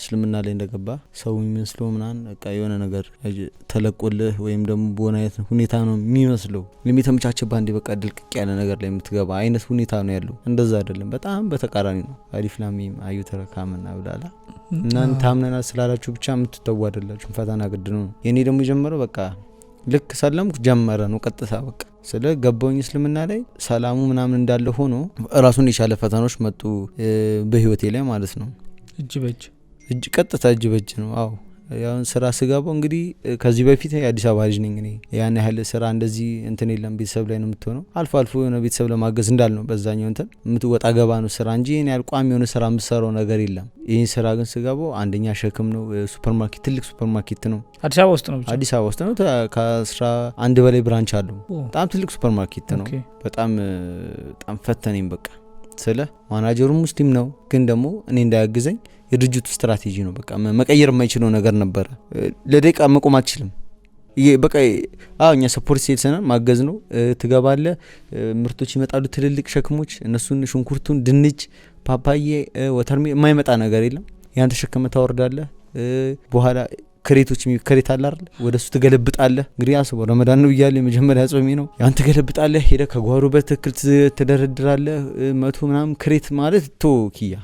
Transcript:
እስልምና ላይ እንደገባ ሰው የሚመስለው ምናን በቃ የሆነ ነገር ተለቆልህ ወይም ደግሞ በሆነ አይነት ሁኔታ ነው የሚመስለው የሚተመቻቸ ባንዴ በቃ ድልቅቅ ያለ ነገር ላይ የምትገባ አይነት ሁኔታ ነው ያለው። እንደዛ አይደለም፣ በጣም በተቃራኒ ነው። አሊፍ ላም ሚም አዩ ተረካምና ብላላ እናን ታምነናል ስላላችሁ ብቻ የምትተዉ አደላችሁ ፈተና ግድ ነው። የእኔ ደግሞ የጀመረው በቃ ልክ ሰለምኩ ጀመረ ነው ቀጥታ በቃ ስለ ገባውኝ እስልምና ላይ ሰላሙ ምናምን እንዳለ ሆኖ ራሱን የቻለ ፈተናዎች መጡ በህይወቴ ላይ ማለት ነው እጅ በእጅ እጅ ቀጥታ እጅ በእጅ ነው። አዎ ያሁን ስራ ስገባው እንግዲህ ከዚህ በፊት የአዲስ አበባ ልጅ ነኝ እኔ። ያን ያህል ስራ እንደዚህ እንትን የለም። ቤተሰብ ላይ ነው የምትሆነው። አልፎ አልፎ የሆነ ቤተሰብ ለማገዝ እንዳል ነው በዛኛው እንትን የምትወጣ ገባ ነው ስራ እንጂ ይህን ቋሚ የሆነ ስራ የምትሰራው ነገር የለም። ይህን ስራ ግን ስገባው አንደኛ ሸክም ነው። ሱፐርማርኬት ትልቅ ሱፐርማርኬት ነው። አዲስ አበባ ውስጥ ነው ብቻ አዲስ አበባ ውስጥ ነው። ከአስራ አንድ በላይ ብራንች አለው። በጣም ትልቅ ሱፐርማርኬት ነው። በጣም በጣም ፈተነኝ በቃ ስለ ማናጀሩ ሙስሊም ነው፣ ግን ደግሞ እኔ እንዳያግዘኝ የድርጅቱ ስትራቴጂ ነው። በቃ መቀየር የማይችለው ነገር ነበረ። ለደቂቃ መቆም አትችልም። በቃ እኛ ሰፖርት ሴልስ ነን፣ ማገዝ ነው። ትገባለ፣ ምርቶች ይመጣሉ፣ ትልልቅ ሸክሞች። እነሱን ሽንኩርቱን፣ ድንች፣ ፓፓዬ፣ ወተርሜ የማይመጣ ነገር የለም። ያን ተሸክመ ታወርዳለ። በኋላ ክሬቶች ክሬት አለ አይደል? ወደ እሱ ትገለብጣለ። እንግዲህ አስበው ረመዳን ነው እያለ የመጀመሪያ ጾሜ ነው። ያን ትገለብጣለ፣ ሄደ ከጓሮ በትክክል ትደረድራለ። መቶ ምናምን ክሬት ማለት ቶ ኪያ